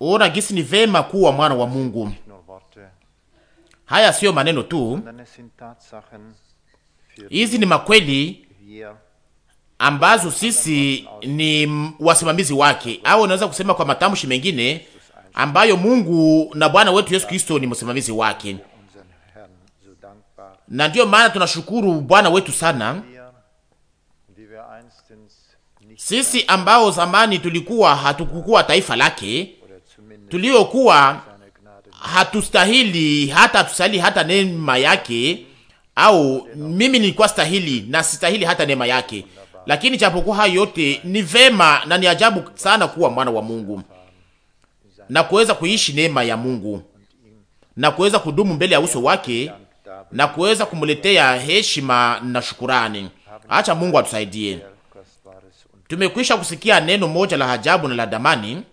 Ona gisi ni vema kuwa mwana wa Mungu. Haya siyo maneno tu, hizi ni makweli ambazo sisi ni wasimamizi wake, au unaweza kusema kwa matamshi mengine ambayo Mungu na Bwana wetu Yesu Kristo ni msimamizi wake, na ndiyo maana tunashukuru Bwana wetu sana sisi ambao zamani tulikuwa hatukukuwa taifa lake, tuliokuwa hatustahili hata tusali hata neema yake, au mimi nilikuwa stahili na sistahili hata neema yake, lakini japokuwa hayo yote ni vema na ni ajabu sana kuwa mwana wa Mungu na kuweza kuishi neema ya Mungu na kuweza kudumu mbele ya uso wake na kuweza kumletea heshima na shukurani. Acha Mungu atusaidie. Tumekwisha kusikia neno moja la hajabu na la damani,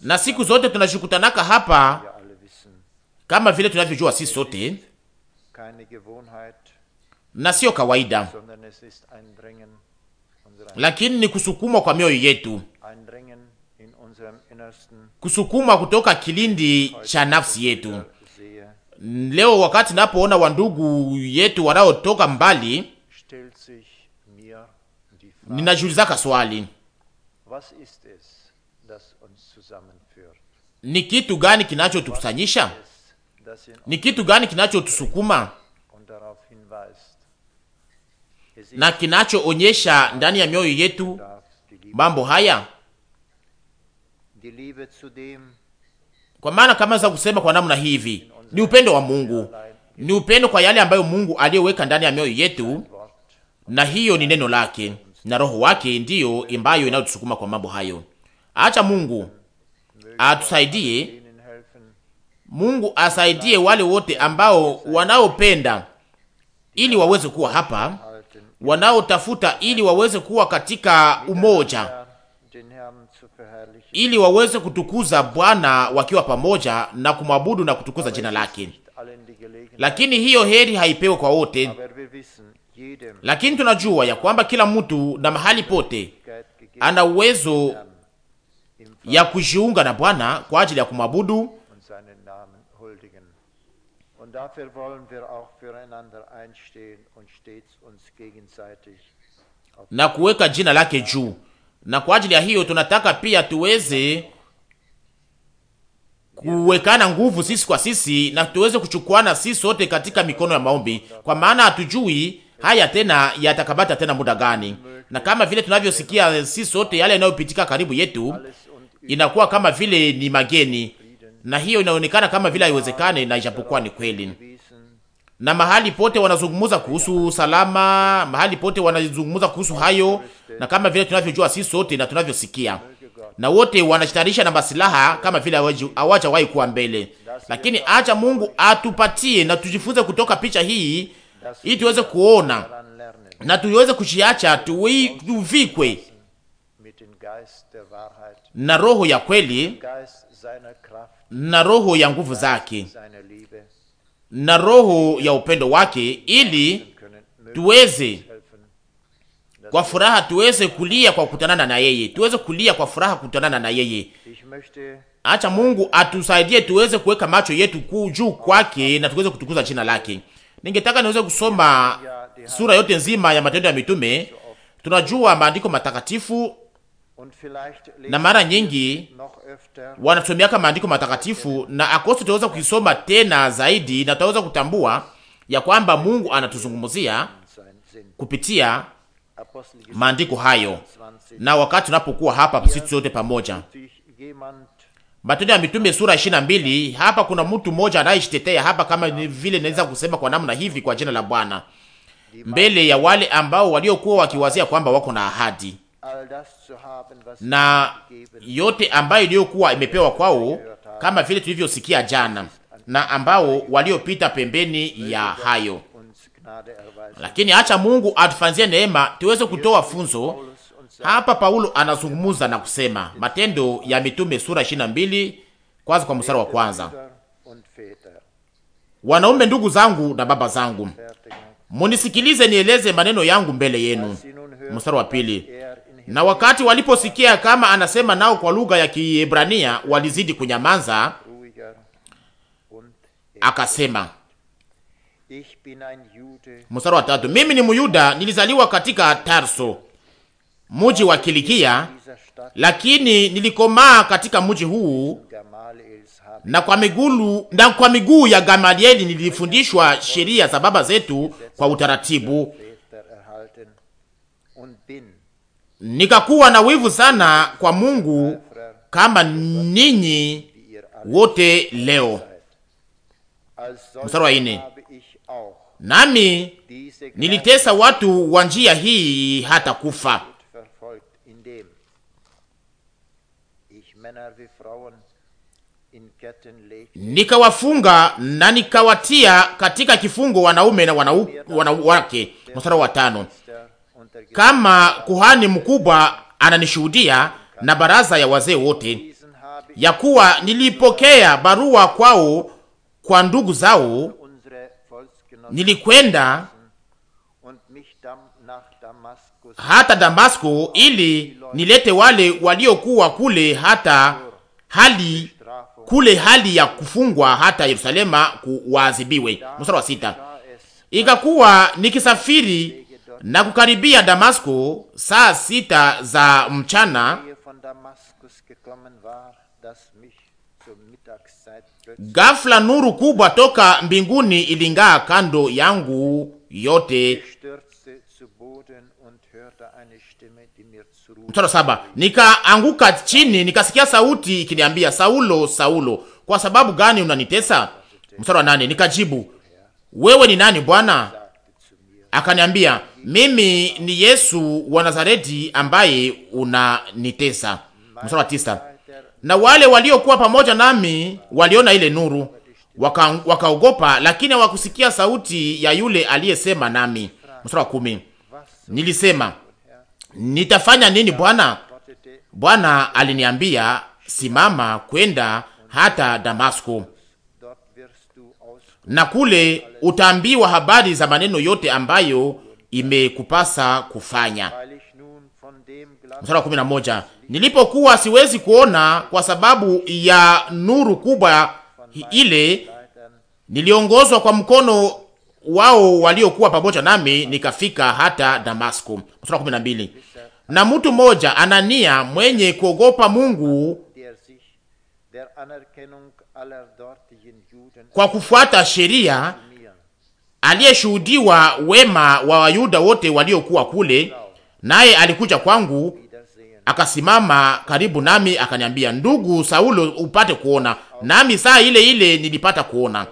na siku zote tunashukutanaka hapa kama vile tunavyojua sisi sote, na sio kawaida, lakini ni kusukumwa kwa mioyo yetu, kusukumwa kutoka kilindi cha nafsi yetu. Leo wakati napoona wandugu yetu wanaotoka mbali Ah. ninajiuliza kaswali, ni kitu gani kinachotukusanyisha? Ni kitu gani kinachotusukuma na kinachoonyesha ndani ya mioyo yetu mambo haya? Kwa maana kama za kusema kwa namna hivi, ni upendo wa Mungu, ni upendo kwa yale ambayo Mungu aliyoweka ndani ya mioyo yetu, na hiyo ni neno lake na Roho wake ndiyo ambayo inayotusukuma kwa mambo hayo. Acha Mungu atusaidie, Mungu asaidie wale wote ambao wanaopenda ili waweze kuwa hapa, wanaotafuta ili waweze kuwa katika umoja, ili waweze kutukuza Bwana wakiwa pamoja na kumwabudu na kutukuza jina lake. Lakini hiyo heri haipewe kwa wote, lakini tunajua ya kwamba kila mtu na mahali pote ana uwezo ya kujiunga na Bwana kwa ajili ya kumwabudu na kuweka jina lake juu. Na kwa ajili ya hiyo tunataka pia tuweze kuwekana nguvu sisi kwa sisi, na tuweze kuchukuana sisi sote katika mikono ya maombi, kwa maana hatujui haya tena yatakabata tena muda gani? Na kama vile tunavyosikia si sote, yale yanayopitika karibu yetu inakuwa kama vile ni mageni, na hiyo inaonekana kama vile haiwezekane, na ijapokuwa ni kweli. Na mahali pote wanazungumza kuhusu usalama, mahali pote wanazungumza kuhusu hayo, na kama vile tunavyojua si sote na tunavyosikia na wote wanashitarisha na masilaha kama vile hawajawahi kuwa mbele, lakini acha Mungu atupatie na tujifunze kutoka picha hii ili tuweze kuona na tuweze kushiacha tuvikwe na roho ya kweli na roho ya nguvu zake na roho ya upendo wake, ili tuweze kwa furaha tuweze kulia kwa kukutanana na yeye, tuweze kulia kwa furaha kukutanana na yeye. Acha Mungu atusaidie tuweze kuweka macho yetu juu kwake na tuweze kutukuza jina lake. Ningetaka niweze kusoma sura yote nzima ya Matendo ya Mitume. Tunajua maandiko matakatifu na mara nyingi wanatumiaka maandiko matakatifu, na akosi tutaweza kuisoma tena zaidi na tutaweza kutambua ya kwamba Mungu anatuzungumzia kupitia maandiko hayo, na wakati tunapokuwa hapa sisi sote pamoja Matendo ya Mitume sura 22. Hapa kuna mtu mmoja anayejitetea hapa, kama vile naweza kusema kwa namna hivi, kwa jina la Bwana, mbele ya wale ambao waliokuwa wakiwazia kwamba wako na ahadi na yote ambayo iliyokuwa imepewa kwao, kama vile tulivyosikia jana, na ambao waliopita pembeni ya hayo. Lakini acha Mungu atufanzie neema tuweze kutoa funzo hapa Paulo anazungumza na kusema, Matendo ya Mitume sura 22 kwanza kwa mstari wa kwanza, wanaume ndugu zangu na baba zangu, munisikilize nieleze maneno yangu mbele yenu. Mstari wa pili, na wakati waliposikia kama anasema nao kwa lugha ya Kiebrania walizidi kunyamaza, akasema Mstari wa tatu, mimi ni Muyuda, nilizaliwa katika Tarso, mji wa Kilikia, lakini nilikomaa katika mji huu na kwa miguu na kwa miguu ya Gamalieli nilifundishwa sheria za baba zetu kwa utaratibu, nikakuwa na wivu sana kwa Mungu kama ninyi wote leo. Mstari wa nami nilitesa watu wa njia hii hata kufa. nikawafunga na nikawatia katika kifungo wanaume na wanawake. Mstari wa tano, kama kuhani mkubwa ananishuhudia na baraza ya wazee wote, ya kuwa nilipokea barua kwao kwa ndugu zao, nilikwenda hata Damasko, ili nilete wale waliokuwa kule hata hali kule hali ya kufungwa hata Yerusalema kuwaadhibiwe. Mstari wa sita. Ikakuwa nikisafiri na kukaribia Damasko saa sita za mchana, ghafla nuru kubwa toka mbinguni iling'aa kando yangu yote Mstari saba, nikaanguka chini nikasikia sauti ikiniambia, Saulo, Saulo, kwa sababu gani unanitesa? Mstari wa nane, nikajibu, wewe ni nani Bwana? Akaniambia, mimi ni Yesu wa Nazareti ambaye unanitesa. Mstari wa tisa, na wale waliokuwa pamoja nami waliona ile nuru wakaogopa, waka lakini hawakusikia sauti ya yule aliyesema nami. Mstari wa kumi, Nilisema, nitafanya nini Bwana? Bwana aliniambia, simama kwenda hata Damasko, na kule utaambiwa habari za maneno yote ambayo imekupasa kufanya. Mstari wa kumi na moja. Nilipokuwa siwezi kuona kwa sababu ya nuru kubwa ile, niliongozwa kwa mkono wao waliokuwa pamoja nami nikafika hata Damasko. Sura mbili. Na mtu mmoja Anania mwenye kuogopa Mungu kwa kufuata sheria aliyeshuhudiwa wema wa Wayuda wote waliokuwa kule, naye alikuja kwangu akasimama karibu nami akaniambia, ndugu Saulo, upate kuona. Nami saa ile ile nilipata kuona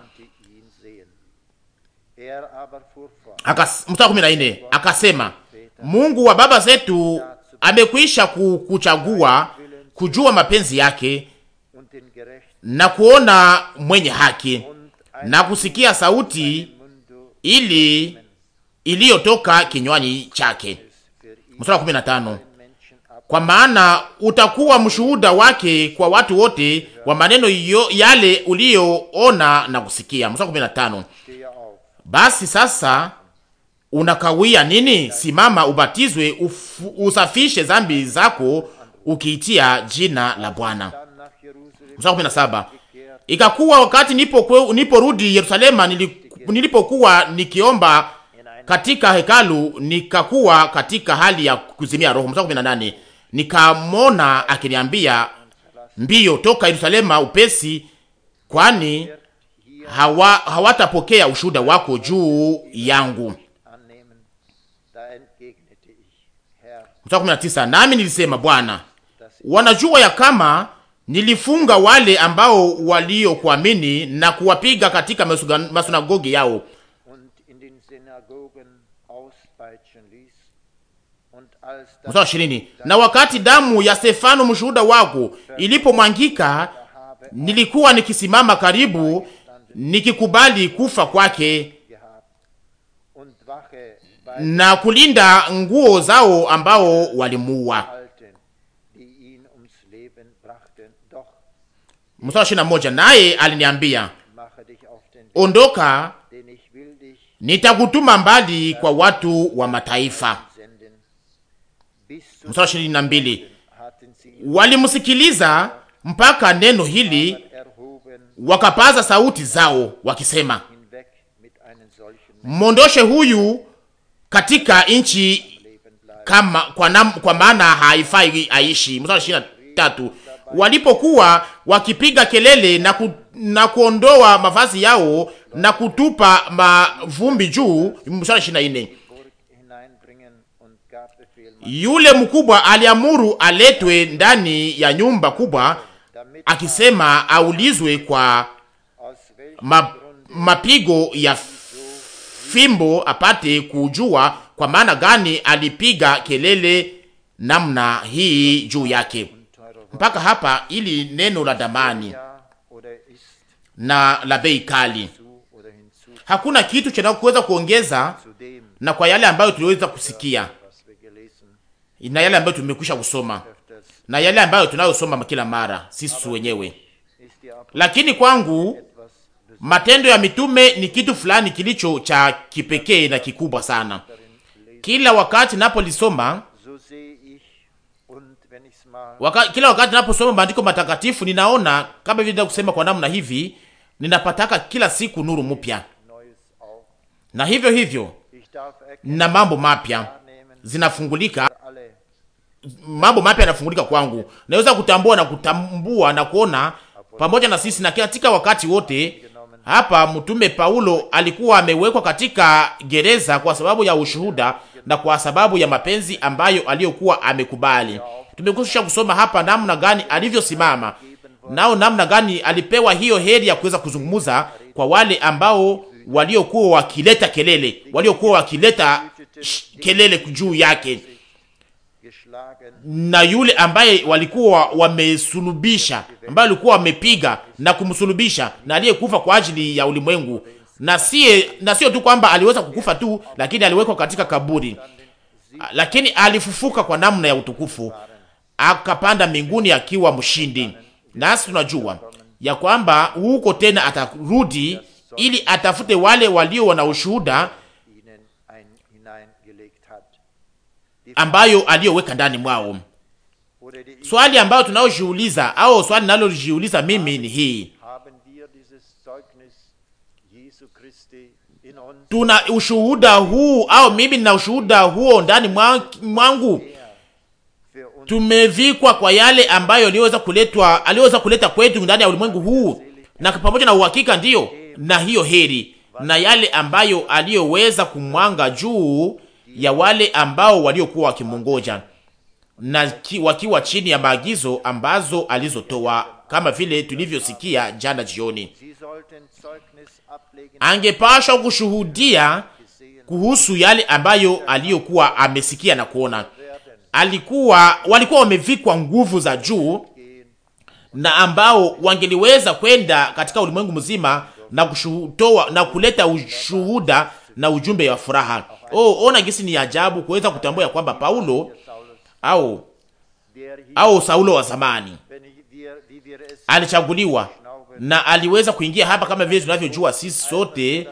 mstari kumi na nne akasema, Mungu wa baba zetu amekwisha kuchagua kujua mapenzi yake na kuona mwenye haki na kusikia sauti ili iliyotoka kinywani chake. Mstari wa 15, kwa maana utakuwa mshuhuda wake kwa watu wote wa maneno yale uliyoona na kusikia. Mstari wa basi sasa unakawia nini? Simama, ubatizwe, ufu, usafishe zambi zako ukiitia jina la Bwana. Mstari saba. ikakuwa wakati nipo rudi Yerusalema, nilipokuwa nikiomba katika hekalu, nikakuwa katika hali ya kuzimia roho. Mstari 18 nikamona akiniambia, mbio toka Yerusalema upesi, kwani hawa hawatapokea ushuhuda wako juu yangu. Nami nilisema, Bwana, wanajua ya kama nilifunga wale ambao waliokuamini na kuwapiga katika masunagogi yao ishirini. Na wakati damu ya Stefano mshuhuda wako ilipomwangika, nilikuwa nikisimama karibu nikikubali kufa kwake na kulinda nguo zao ambao walimuua. Mstari ishirini na moja, naye aliniambia ondoka, nitakutuma mbali kwa watu wa mataifa. Mstari ishirini na mbili, walimsikiliza mpaka neno hili wakapaza sauti zao wakisema, mondoshe huyu katika nchi kama kwa, nam, kwa maana haifai aishi. Mstari ishirini na tatu. Walipokuwa wakipiga kelele na, ku, na kuondoa mavazi yao na kutupa mavumbi juu. Mstari ishirini na nne. Yule mkubwa aliamuru aletwe ndani ya nyumba kubwa akisema aulizwe kwa ma, mapigo ya fimbo apate kujua kwa maana gani alipiga kelele namna hii juu yake. Mpaka hapa ili neno la damani na la bei kali, hakuna kitu cha kuweza kuongeza na kwa yale ambayo tuliweza kusikia na yale ambayo tumekwisha kusoma na yale ambayo tunayosoma kila mara sisi wenyewe. Lakini kwangu matendo ya mitume ni kitu fulani kilicho cha kipekee na kikubwa sana. Kila wakati napolisoma waka, kila wakati naposoma maandiko matakatifu ninaona kama vile kusema kwa namna hivi, ninapataka kila siku nuru mpya, na hivyo hivyo na mambo mapya zinafungulika mambo mapya yanafungulika kwangu. Naweza kutambua na kutambua na kuona pamoja na sisi na katika wakati wote hapa mtume Paulo alikuwa amewekwa katika gereza kwa sababu ya ushuhuda na kwa sababu ya mapenzi ambayo aliyokuwa amekubali. Tumekusha kusoma hapa namna gani alivyosimama nao, namna gani alipewa hiyo heri ya kuweza kuzungumza kwa wale ambao waliokuwa wakileta kelele, waliokuwa wakileta kelele juu yake na yule ambaye walikuwa wamesulubisha, ambaye walikuwa wamepiga na kumsulubisha, na aliyekufa kwa ajili ya ulimwengu, na sie na sio tu kwamba aliweza kukufa tu, lakini aliwekwa katika kaburi, lakini alifufuka kwa namna ya utukufu, akapanda mbinguni akiwa mshindi. Nasi tunajua ya kwamba huko tena atarudi ili atafute wale walio wana ushuhuda ambayo aliyoweka ndani mwao. Swali ambayo tunayojiuliza au swali nalojiuliza mimi ni hii: tuna ushuhuda huu au mimi nina ushuhuda huo ndani mwangu? Tumevikwa kwa yale ambayo aliyoweza kuletwa, aliyoweza kuleta kwetu ndani ya ulimwengu huu, na pamoja na uhakika ndiyo na hiyo heri na yale ambayo aliyoweza kumwanga juu ya wale ambao waliokuwa wakimwongoja na wakiwa chini ya maagizo ambazo alizotoa, kama vile tulivyosikia jana jioni. Angepashwa kushuhudia kuhusu yale ambayo aliyokuwa amesikia na kuona. Alikuwa walikuwa wamevikwa nguvu za juu na ambao wangeliweza kwenda katika ulimwengu mzima na kushuhutoa na kuleta ushuhuda na ujumbe wa furaha. Oh, ona gisi ni ajabu kuweza kutambua ya kwamba Paulo au au Saulo wa zamani alichaguliwa na aliweza kuingia hapa kama vile tunavyojua sisi sote,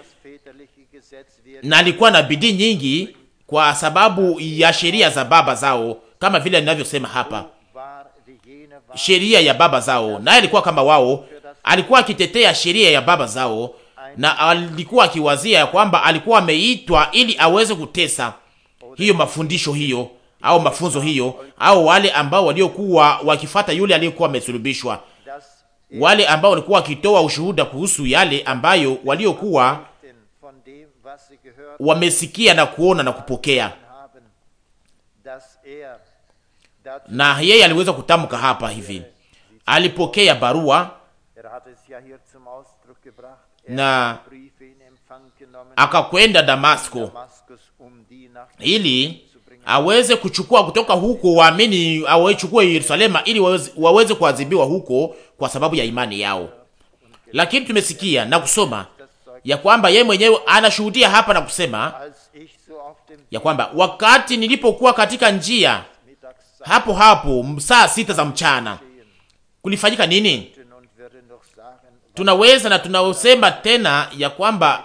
na alikuwa na bidii nyingi kwa sababu ya sheria za baba zao, kama vile ninavyosema hapa, sheria ya baba zao, naye alikuwa kama wao, alikuwa akitetea sheria ya baba zao na alikuwa akiwazia ya kwamba alikuwa ameitwa ili aweze kutesa hiyo mafundisho hiyo au mafunzo hiyo au wale ambao waliokuwa wakifata yule aliyekuwa amesulubishwa, wale ambao walikuwa wakitoa ushuhuda kuhusu yale ambayo waliokuwa wamesikia na kuona na kupokea. Na yeye aliweza kutamka hapa hivi, alipokea barua na akakwenda Damasko ili aweze kuchukua kutoka huko waamini, awechukue Yerusalema ili waweze, waweze kuadhibiwa huko kwa sababu ya imani yao. Lakini tumesikia na kusoma ya kwamba yeye mwenyewe anashuhudia hapa na kusema ya kwamba wakati nilipokuwa katika njia hapo hapo saa sita za mchana kulifanyika nini? tunaweza na tunasema tena ya kwamba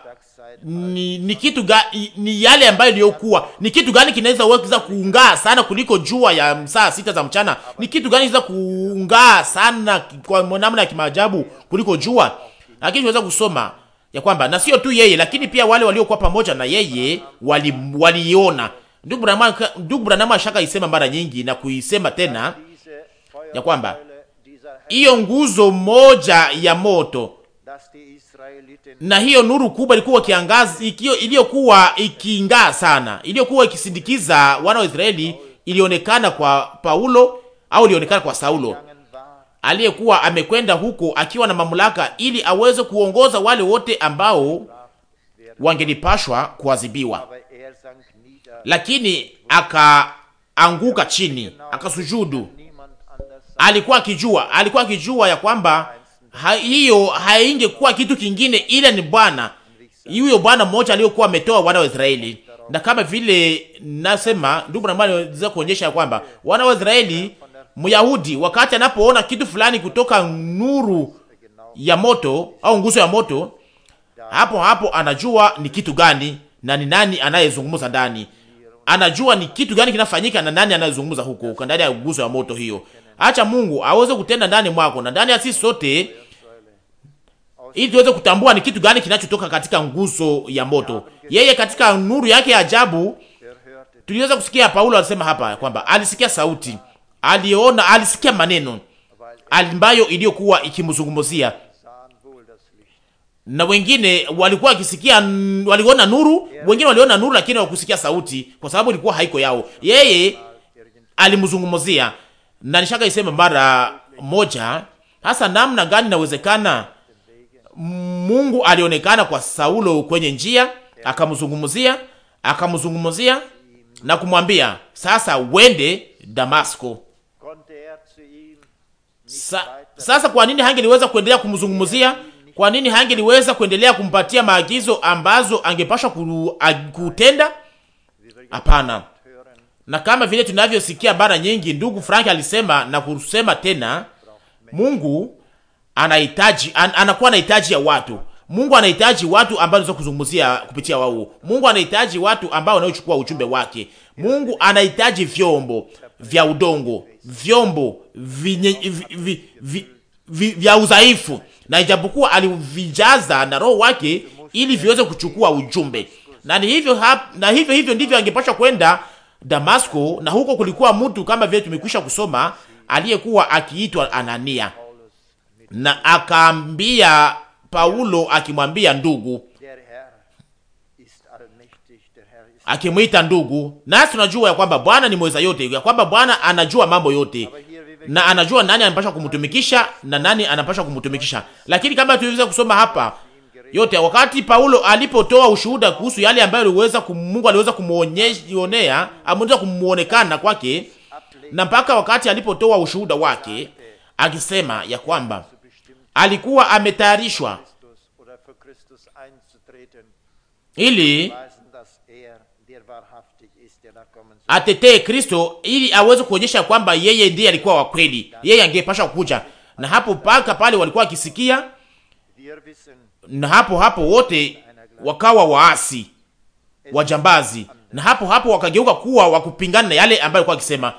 ni, ni kitu ga, ni yale ambayo iliyokuwa ni kitu gani kinaweza weza kuungaa sana kuliko jua ya saa sita za mchana? Ni kitu gani kinaweza kuungaa sana kwa namna ya kimaajabu kuliko jua? Lakini tunaweza kusoma ya kwamba na sio tu yeye, lakini pia wale waliokuwa pamoja na yeye waliiona. Wali ndugu Branham, ndugu Branham ashaka isema mara nyingi na kuisema tena ya kwamba hiyo nguzo moja ya moto na hiyo nuru kubwa ilikuwa kiangazi iliyokuwa ikiingaa sana, iliyokuwa ikisindikiza wana wa Israeli, ilionekana kwa Paulo au ilionekana kwa Saulo aliyekuwa amekwenda huko akiwa na mamlaka, ili aweze kuongoza wale wote ambao wangelipashwa kuadhibiwa, lakini akaanguka chini akasujudu alikuwa akijua, alikuwa akijua ya kwamba ha, hiyo haingekuwa kitu kingine ila ni Bwana, huyo Bwana mmoja aliyokuwa ametoa wana wa Israeli. Na kama vile nasema ndugu na mali za kuonyesha ya kwamba wana wa Israeli, Myahudi wakati anapoona kitu fulani kutoka nuru ya moto au nguzo ya moto, hapo hapo anajua ni kitu gani na ni nani anayezungumza ndani, anajua ni kitu gani kinafanyika na nani anayezungumza huko ndani ya nguzo ya moto hiyo acha Mungu aweze kutenda ndani mwako na ndani ya sisi sote, ili tuweze kutambua ni kitu gani kinachotoka katika nguzo ya moto. Yeye katika nuru yake ya ajabu, tuliweza kusikia Paulo alisema hapa kwamba alisikia sauti, aliona, alisikia maneno ambayo iliyokuwa ikimzungumzia na wengine walikuwa wakisikia, waliona nuru, wengine waliona nuru, lakini hawakusikia sauti, kwa sababu ilikuwa haiko yao. Yeye alimzungumzia na nishaka isema mara moja, hasa namna gani inawezekana Mungu alionekana kwa Saulo kwenye njia, akamzungumzia, akamzungumzia na kumwambia sasa wende Damasko. Sa, sasa kwa nini hangeliweza kuendelea kumzungumzia? Kwa nini hangeliweza kuendelea kumpatia maagizo ambazo angepasha kutenda? Hapana na kama vile tunavyosikia mara nyingi, ndugu Frank alisema na kusema tena, Mungu anahitaji an, anakuwa anahitaji ya watu. Mungu anahitaji watu ambao wanaweza kuzungumzia kupitia wao. Mungu anahitaji watu ambao wanaochukua ujumbe wake. Mungu anahitaji vyombo vya udongo, vyombo vinye, vi, vi, vi, vi, vya udhaifu, na ijapokuwa alivijaza na roho wake ili viweze kuchukua ujumbe, na ni hivyo hap, na hivyo hivyo ndivyo angepashwa kwenda Damasko, na huko kulikuwa mtu kama vile tumekwisha kusoma aliyekuwa akiitwa Anania, na akaambia Paulo akimwambia ndugu, akimwita ndugu. Nasi tunajua ya kwamba Bwana ni mweza yote, ya kwamba Bwana anajua mambo yote na anajua nani anapasha kumtumikisha na nani anapasha kumtumikisha. Lakini kama tuliweza kusoma hapa, yote. Wakati Paulo alipotoa ushuhuda kuhusu yale ambayo aliweza Mungu aliweza kumuonea ameweza kumuonekana kwake, na mpaka wakati alipotoa ushuhuda wake akisema ya kwamba alikuwa ametayarishwa ili atetee Kristo ili aweze kuonyesha kwamba yeye ndiye alikuwa wa kweli, yeye angepasha kuja. Na hapo mpaka pale walikuwa wakisikia na hapo hapo wote wakawa waasi wajambazi, na hapo hapo wakageuka kuwa wakupingana na yale ambayo alikuwa akisema,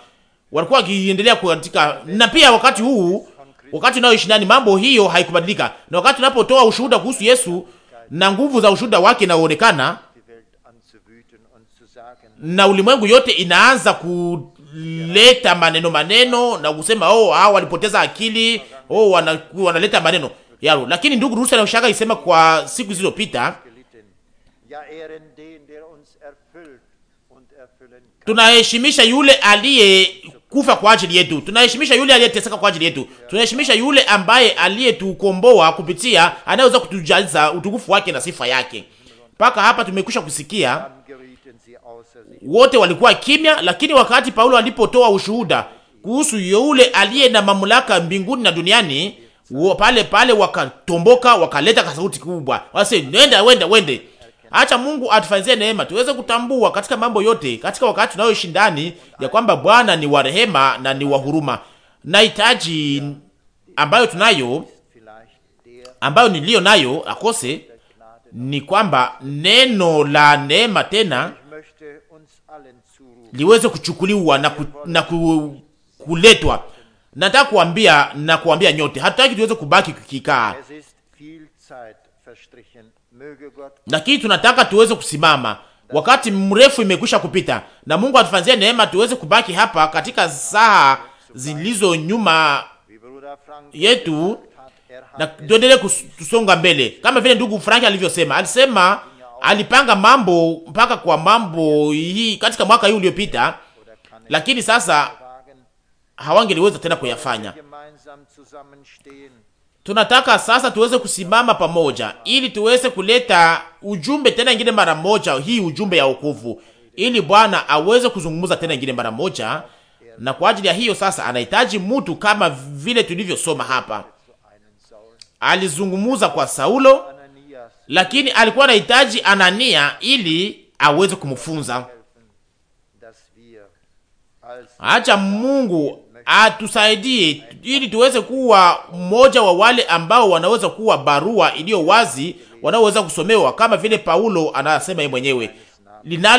walikuwa wakiendelea kuandika. Na pia wakati huu, wakati unaoishi ndani, mambo hiyo haikubadilika, na wakati unapotoa ushuhuda kuhusu Yesu na nguvu za ushuhuda wake inaonekana na ulimwengu yote inaanza kuleta maneno maneno na kusema, oh hao walipoteza akili, oh wanaleta maneno yao. Lakini ndugu Rusi anayoshaka isema kwa siku zilizopita, tunaheshimisha yule aliye kufa kwa ajili yetu, tunaheshimisha yule aliyeteseka kwa ajili yetu, tunaheshimisha yule ambaye aliyetukomboa kupitia, anayeweza kutujaliza utukufu wake na sifa yake. Mpaka hapa tumekwisha kusikia, wote walikuwa kimya, lakini wakati Paulo alipotoa ushuhuda kuhusu yule aliye na mamlaka mbinguni na duniani Uo pale pale wakatomboka, wakaleta kasauti kubwa, wase nenda, wende wende. Acha Mungu atufanyie neema tuweze kutambua katika mambo yote, katika wakati tunayoishi ndani, ya kwamba Bwana ni wa rehema na ni wa huruma, Nahitaji ambayo tunayo, ambayo niliyo nayo akose ni kwamba neno la neema tena liweze kuchukuliwa na, ku, na ku, kuletwa Nataka kuambia na kuambia nyote, hatutaki tuweze kubaki kikaa lakini tunataka tuweze kusimama. Wakati mrefu imekwisha kupita, na Mungu atufanzie neema tuweze kubaki hapa katika saa zilizo nyuma yetu, na tuendelee kusonga mbele, kama vile ndugu Frank alivyosema. Alisema alipanga mambo mpaka kwa mambo hii katika mwaka huu uliopita, lakini sasa hawangeliweza tena kuyafanya. Tunataka sasa tuweze kusimama pamoja, ili tuweze kuleta ujumbe tena ingine mara moja, hii ujumbe ya wokovu, ili Bwana aweze kuzungumza tena ingine mara moja. Na kwa ajili ya hiyo sasa anahitaji mtu kama vile tulivyosoma hapa, alizungumuza kwa Saulo, lakini alikuwa anahitaji Anania ili aweze kumfunza. Acha Mungu atusaidie ili tuweze kuwa mmoja wa wale ambao wanaweza kuwa barua iliyo wazi, wanaoweza kusomewa kama vile Paulo anasema yeye mwenyewe,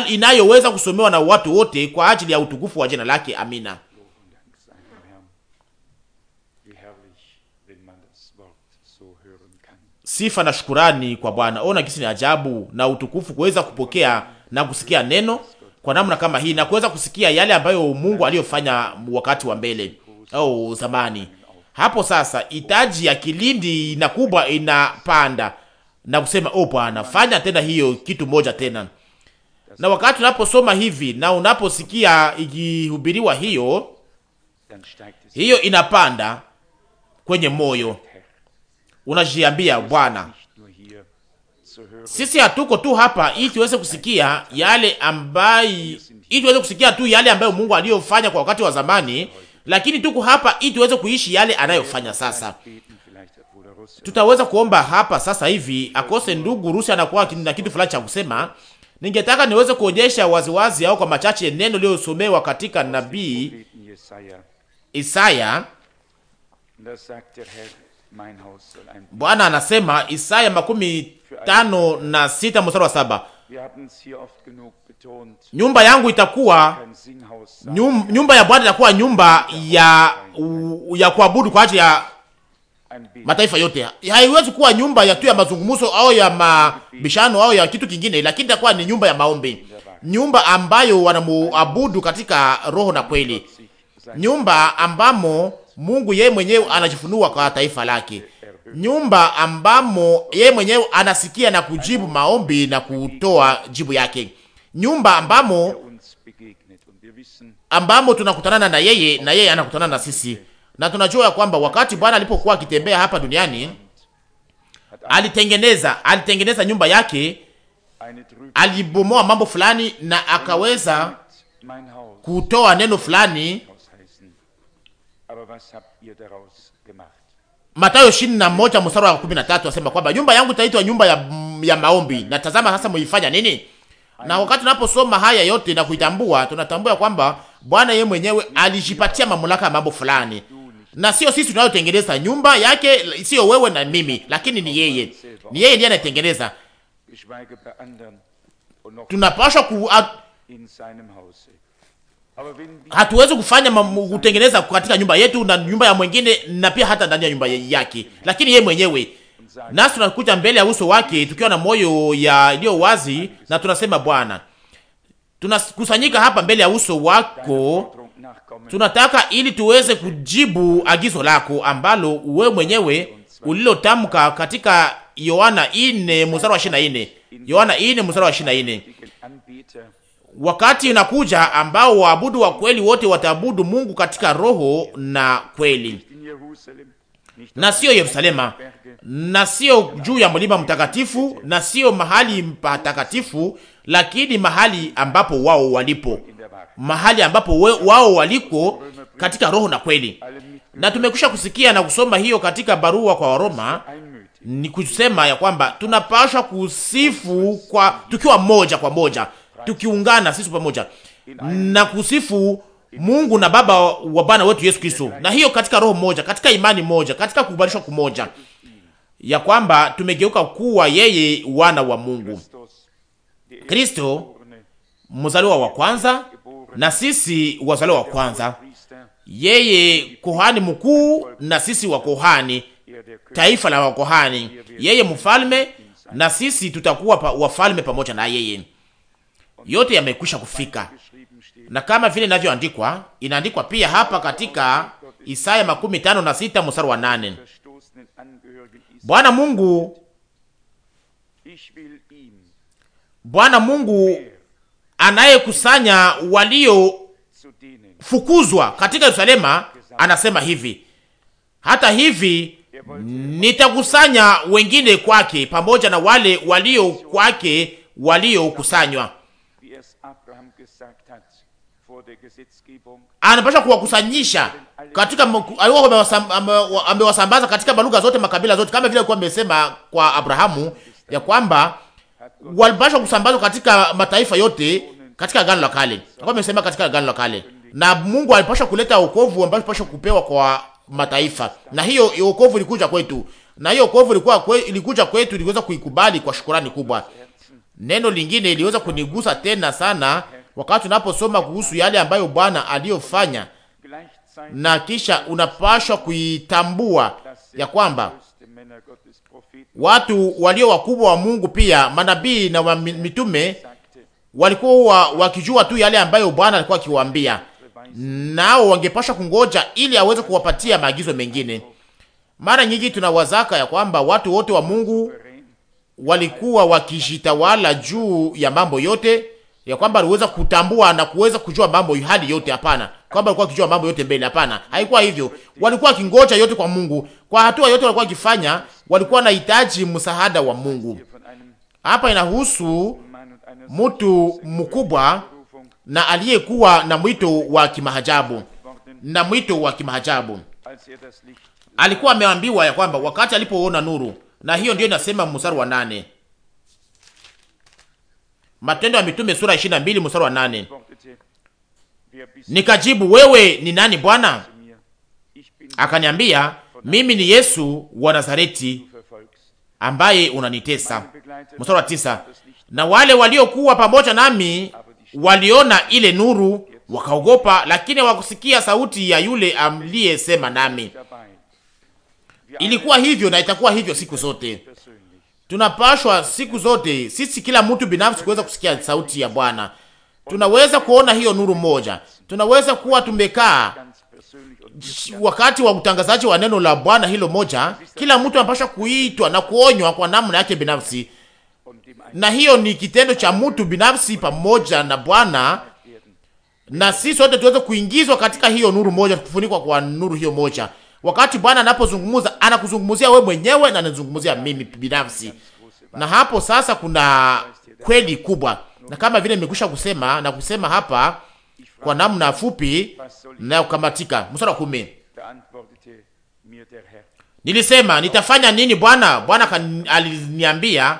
inayoweza kusomewa na watu wote kwa ajili ya utukufu wa jina lake. Amina. Sifa na shukurani kwa Bwana. Ona kisi ni ajabu na utukufu kuweza kupokea na kusikia neno kwa namna kama hii na kuweza kusikia yale ambayo Mungu aliyofanya wakati wa mbele au oh, zamani. Hapo sasa hitaji ya kilindi na kubwa inapanda na kusema oh, Bwana fanya tena hiyo kitu moja tena. Na wakati unaposoma hivi na unaposikia ikihubiriwa hiyo hiyo, inapanda kwenye moyo, unajiambia Bwana sisi hatuko tu hapa ili tuweze kusikia yale ambayo, ili tuweze kusikia tu yale ambayo Mungu aliyofanya kwa wakati wa zamani, lakini tuko hapa ili tuweze kuishi yale anayofanya sasa. Tutaweza kuomba hapa sasa hivi akose ndugu Rusi anakuwa na kitu fulani cha kusema. Ningetaka niweze kuonyesha waziwazi au kwa machache neno lililosomewa katika nabii Isaya. Bwana anasema Isaya makumi tano na sita mstari wa saba nyumba yangu itakuwa nyumba ya Bwana itakuwa nyumba ya ya kuabudu kwa ajili ya mataifa yote. Haiwezi kuwa nyumba ya tu ya mazungumzo au ya mabishano au ya kitu kingine, lakini itakuwa ni nyumba ya maombi, nyumba ambayo wanamuabudu katika roho na kweli, nyumba ambamo Mungu yeye mwenyewe anajifunua kwa taifa lake nyumba ambamo ye mwenyewe anasikia na kujibu maombi na kutoa jibu yake, nyumba ambamo ambamo tunakutanana na yeye na yeye anakutana na sisi, na tunajua ya kwamba wakati Bwana alipokuwa akitembea hapa duniani alitengeneza alitengeneza nyumba yake, alibomoa mambo fulani na akaweza kutoa neno fulani Mathayo 21 mstari wa 13 asema kwamba nyumba yangu itaitwa nyumba ya, ya maombi, na tazama sasa muifanya nini? Na wakati tunaposoma haya yote na kuitambua, tunatambua kwamba Bwana yeye mwenyewe alijipatia mamlaka ya mambo fulani, na sio sisi tunayotengeneza nyumba yake, sio wewe na mimi, lakini ni yeye, ni yeye ndiye anaitengeneza. tunapashwa ku hatuwezi kufanya kutengeneza katika nyumba yetu na nyumba ya mwingine na pia hata ndani ya nyumba yake, lakini yeye mwenyewe nasi tunakuja mbele ya uso wake tukiwa na moyo ya iliyo wazi, na tunasema Bwana, tunakusanyika hapa mbele ya uso wako, tunataka ili tuweze kujibu agizo lako ambalo we mwenyewe ulilotamka katika Yohana 4 mstari wa 24, Yohana 4 mstari wa 24 wakati inakuja ambao waabudu wa kweli wote wataabudu Mungu katika roho na kweli, na sio Yerusalema, na sio juu ya mlima mtakatifu, na sio mahali patakatifu, lakini mahali ambapo wao walipo, mahali ambapo we, wao waliko katika roho na kweli. Na tumekwisha kusikia na kusoma hiyo katika barua kwa Waroma ni kusema ya kwamba tunapaswa kusifu kwa tukiwa moja kwa moja tukiungana sisi pamoja na kusifu Mungu na Baba wa Bwana wetu Yesu Kristo, na hiyo katika roho moja, katika imani moja, katika kukubalishwa kumoja, ya kwamba tumegeuka kuwa yeye wana wa Mungu, Kristo mzaliwa wa kwanza na sisi wazaliwa wa kwanza, yeye kohani mkuu na sisi wakohani, taifa la wakohani, yeye mfalme na sisi tutakuwa pa, wafalme pamoja na yeye yote yamekwisha kufika, na kama vile inavyoandikwa, inaandikwa pia hapa katika Isaya makumi tano na sita mstari wa nane Bwana Mungu, Bwana Mungu anayekusanya waliofukuzwa katika Yerusalema anasema hivi: hata hivi nitakusanya wengine kwake pamoja na wale walio kwake waliokusanywa anapasha kuwakusanyisha katika alikuwa amewasambaza katika malugha zote makabila zote, kama vile alikuwa amesema kwa Abrahamu ya kwamba walipasha kusambazwa katika mataifa yote katika agano la kale, alikuwa amesema katika agano la kale, na Mungu alipasha kuleta wokovu ambao alipasha kupewa kwa mataifa, na hiyo wokovu ilikuja kwetu, na hiyo wokovu ilikuwa kwe, ilikuja kwetu, iliweza kuikubali kwa shukurani kubwa. Neno lingine iliweza kunigusa tena sana Wakati unaposoma kuhusu yale ambayo Bwana aliyofanya, na kisha unapashwa kuitambua ya kwamba watu walio wakubwa wa Mungu pia manabii na mitume walikuwa wakijua tu yale ambayo Bwana alikuwa akiwaambia, nao wangepashwa kungoja ili aweze kuwapatia maagizo mengine. Mara nyingi tunawazaka ya kwamba watu wote wa Mungu walikuwa wakijitawala juu ya mambo yote ya kwamba aliweza kutambua na kuweza kujua mambo hali yote. Hapana, kwamba alikuwa akijua mambo yote mbele. Hapana, haikuwa hivyo. Walikuwa kingoja yote kwa Mungu, kwa hatua yote walikuwa akifanya, walikuwa wanahitaji msaada wa Mungu. Hapa inahusu mtu mkubwa na aliyekuwa na mwito wa kimahajabu na mwito wa kimahajabu. Alikuwa ameambiwa ya kwamba wakati alipoona nuru, na hiyo ndio inasema mstari wa nane Matendo ya Mitume sura 22 mstari wa 8. Nikajibu, wewe ni nani Bwana? Akaniambia, mimi ni Yesu wa Nazareti ambaye unanitesa. Mstari wa tisa, na wale waliokuwa pamoja nami waliona ile nuru wakaogopa, lakini wakusikia sauti ya yule aliyesema nami. Ilikuwa hivyo na itakuwa hivyo siku zote. Tunapashwa siku zote sisi, kila mtu binafsi, kuweza kusikia sauti ya Bwana. Tunaweza kuona hiyo nuru moja, tunaweza kuwa tumekaa wakati wa utangazaji wa neno la Bwana hilo moja. Kila mtu anapashwa kuitwa na kuonywa kwa namna yake binafsi, na hiyo ni kitendo cha mtu binafsi pamoja na Bwana, na sisi sote tuweze kuingizwa katika hiyo nuru moja, kufunikwa kwa nuru hiyo moja Wakati Bwana anapozungumza anakuzungumzia we mwenyewe na anazungumzia mimi binafsi, na hapo sasa kuna kweli kubwa, na kama vile nimekwisha kusema na kusema hapa kwa namna fupi na kukamatika. Mstari wa kumi, nilisema nitafanya nini Bwana? Bwana aliniambia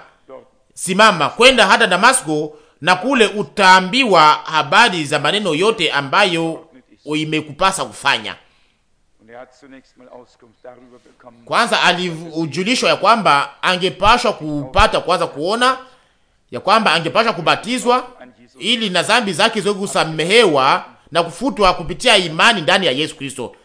simama, kwenda hata Damasko na kule utaambiwa habari za maneno yote ambayo imekupasa kufanya. Er kwanza alijulishwa ya kwamba angepashwa kupata kwanza kuona ya kwamba angepashwa kubatizwa ili na zambi zake ziweze kusamehewa na kufutwa kupitia imani ndani ya Yesu Kristo.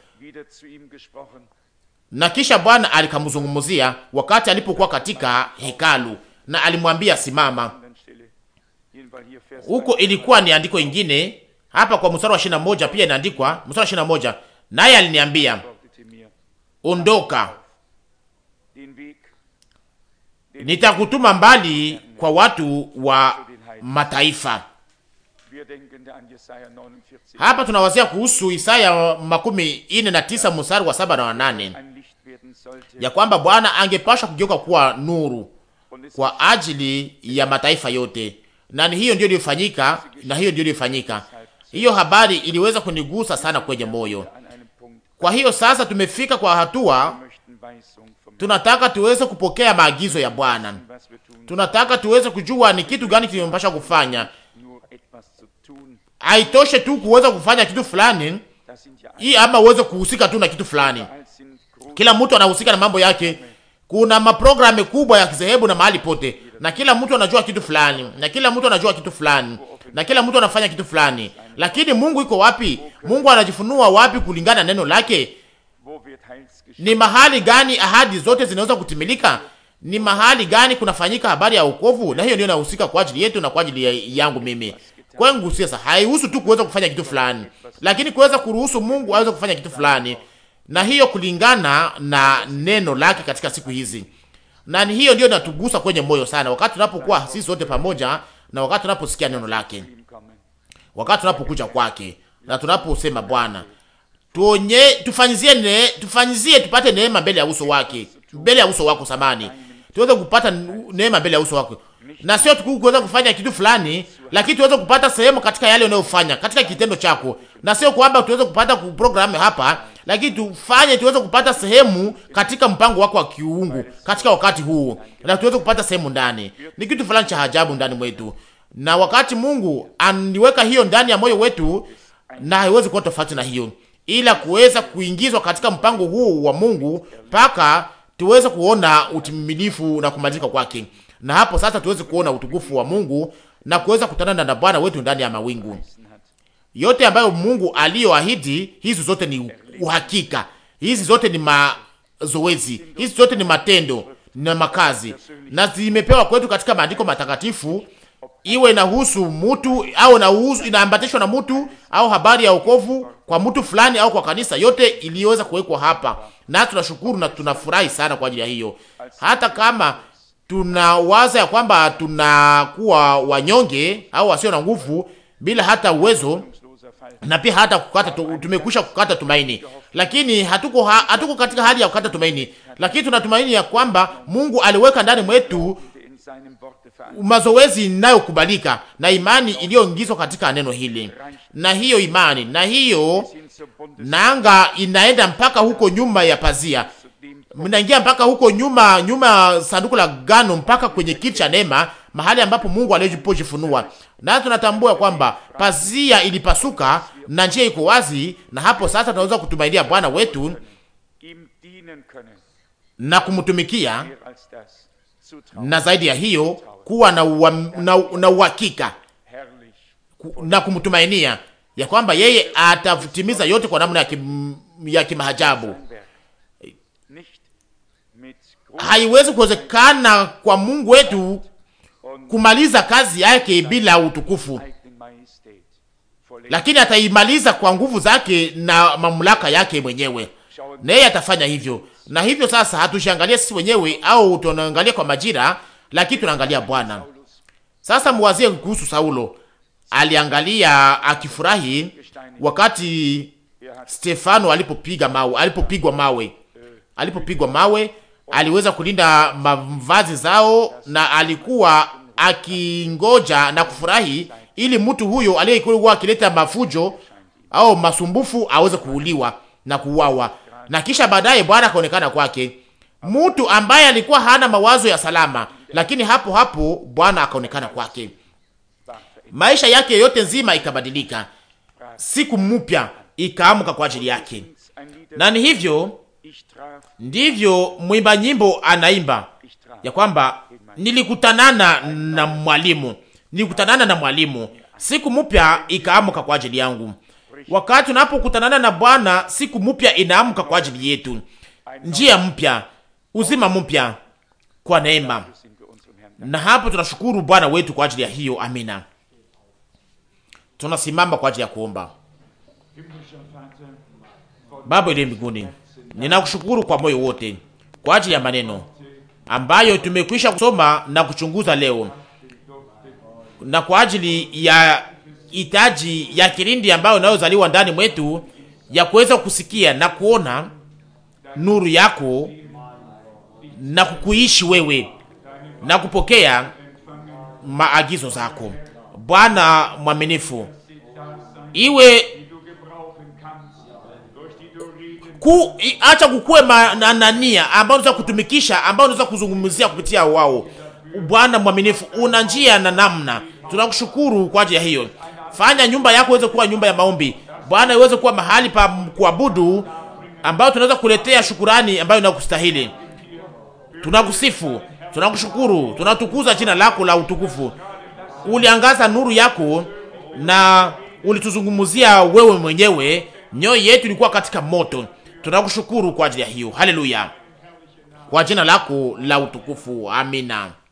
Na kisha Bwana alikamzungumzia wakati alipokuwa katika hekalu na alimwambia simama. Huko ilikuwa ni andiko ingine hapa kwa mstari wa 21 pia inaandikwa mstari wa 21 naye aliniambia ondoka, nitakutuma mbali kwa watu wa mataifa. Hapa tunawazia kuhusu Isaya makumi ine na tisa mstari wa saba na wanane ya kwamba Bwana angepashwa kugeuka kuwa nuru kwa ajili ya mataifa yote, na ni hiyo ndio iliyofanyika, na hiyo ndio iliyofanyika. Hiyo habari iliweza kunigusa sana kwenye moyo kwa hiyo sasa tumefika kwa hatua, tunataka tuweze kupokea maagizo ya Bwana, tunataka tuweze kujua ni kitu gani kinapaswa kufanya. Haitoshe tu kuweza kufanya kitu fulani hii, ama uweze kuhusika tu na kitu fulani. Kila mtu anahusika na mambo yake. Kuna maprogramu kubwa ya kizehebu na mahali pote, na kila mtu anajua kitu fulani, na kila mtu anajua kitu fulani, na kila mtu anafanya kitu fulani lakini Mungu iko wapi? Mungu anajifunua wapi kulingana neno lake? Ni mahali gani ahadi zote zinaweza kutimilika? Ni mahali gani kunafanyika habari ya wokovu? Na hiyo ndio inahusika kwa ajili yetu na kwa ajili yangu mimi. Kwangu sasa haihusu tu kuweza kufanya kitu fulani, lakini kuweza kuruhusu Mungu aweze kufanya kitu fulani, na hiyo kulingana na neno lake katika siku hizi. Na hiyo ndio inatugusa kwenye moyo sana, wakati tunapokuwa sisi wote pamoja na wakati tunaposikia neno lake wakati tunapokuja kwake na tunaposema Bwana, tuonye tufanyizie ne, tufanyizie tupate neema mbele ya uso wake, mbele ya uso wako samani, tuweze kupata neema mbele ya uso wako, na sio tukuweza kufanya kitu fulani, lakini tuweze kupata sehemu katika yale unayofanya katika kitendo chako, na sio kwamba tuweze kupata kuprogramu hapa, lakini tufanye tuweze kupata sehemu katika mpango wako wa kiungu katika wakati huu, na tuweze kupata sehemu ndani. Ni kitu fulani cha ajabu ndani mwetu na wakati Mungu aniweka hiyo ndani ya moyo wetu, na haiwezi kuwa tofauti na hiyo, ila kuweza kuingizwa katika mpango huu wa Mungu mpaka tuweze kuona utimilifu na kumalizika kwake, na hapo sasa tuweze kuona utukufu wa Mungu na kuweza kutanana na Bwana wetu ndani ya mawingu. Yote ambayo Mungu aliyoahidi, hizi zote ni uhakika, hizi zote ni mazoezi, hizi zote ni matendo na makazi, na zimepewa kwetu katika maandiko matakatifu iwe inahusu mtu au inahusu inaambatishwa na mtu au habari ya wokovu kwa mtu fulani au kwa kanisa, yote iliyoweza kuwekwa hapa, na tunashukuru na tunafurahi sana kwa ajili ya hiyo, hata kama tunawaza ya kwamba tunakuwa wanyonge au wasio na nguvu bila hata uwezo na pia hata kukata tumekwisha kukata tumaini, lakini hatuko ha, hatuko katika hali ya kukata tumaini, lakini tunatumaini ya kwamba Mungu aliweka ndani mwetu mazoezi inayokubalika na imani iliyoingizwa katika neno hili, na hiyo imani na hiyo nanga inaenda mpaka huko nyuma ya pazia, mnaingia mpaka huko nyuma nyuma sanduku la gano, mpaka kwenye kiti cha neema, mahali ambapo Mungu alipojifunua. Na tunatambua kwamba pazia ilipasuka na njia iko wazi, na hapo sasa tunaweza kutumainia Bwana wetu na kumtumikia na zaidi ya hiyo kuwa na, uwa, na, na uhakika na kumtumainia ya kwamba yeye atatimiza yote kwa namna ya, kim, ya kimahajabu. Haiwezi kuwezekana kwa Mungu wetu kumaliza kazi yake bila utukufu, lakini ataimaliza kwa nguvu zake na mamlaka yake mwenyewe, na yeye atafanya hivyo. Na hivyo sasa, hatushangalie sisi wenyewe au tunaangalia kwa majira lakini tunaangalia Bwana. Sasa mwazie kuhusu Saulo, aliangalia akifurahi wakati Stefano alipopiga mawe, alipopigwa mawe, alipopigwa mawe aliweza kulinda mavazi zao, na alikuwa akingoja na kufurahi ili mtu huyo aliyekuwa akileta mafujo au masumbufu aweze kuuliwa na kuuawa, na kisha baadaye Bwana akaonekana kwake, mtu ambaye alikuwa hana mawazo ya salama, lakini hapo hapo Bwana akaonekana kwake, maisha yake yote nzima ikabadilika, siku mpya ikaamka kwa ajili yake. Na ni hivyo ndivyo mwimba nyimbo anaimba ya kwamba nilikutanana na mwalimu, nilikutanana na mwalimu, siku mpya ikaamka kwa ajili yangu. Wakati unapokutanana na Bwana, siku mpya inaamka kwa ajili yetu, njia mpya, uzima mpya kwa neema na hapo tunashukuru Bwana wetu kwa ajili ya hiyo. Amina. Tunasimama kwa ajili ya kuomba. Baba ile mbinguni, ninakushukuru kwa moyo wote kwa ajili ya maneno ambayo tumekwisha kusoma na kuchunguza leo, na kwa ajili ya hitaji ya kirindi ambayo inayozaliwa ndani mwetu ya kuweza kusikia na kuona nuru yako na kukuishi wewe na kupokea maagizo zako. Bwana mwaminifu, iwe ku, i, acha kukuwe manania ambao unaweza kutumikisha, ambao unaweza kuzungumzia kupitia wao. Bwana mwaminifu, una njia na namna, tunakushukuru kwa ajili ya hiyo. Fanya nyumba yako iweze kuwa nyumba ya maombi Bwana, iweze kuwa mahali pa kuabudu ambao tunaweza kuletea shukurani ambayo inakustahili. Tunakusifu tunakushukuru, tunatukuza jina lako la utukufu. Uliangaza nuru yako na ulituzungumzia wewe mwenyewe, nyoyo yetu ilikuwa katika moto. Tunakushukuru kwa ajili ya hiyo. Haleluya, kwa jina lako la utukufu. Amina.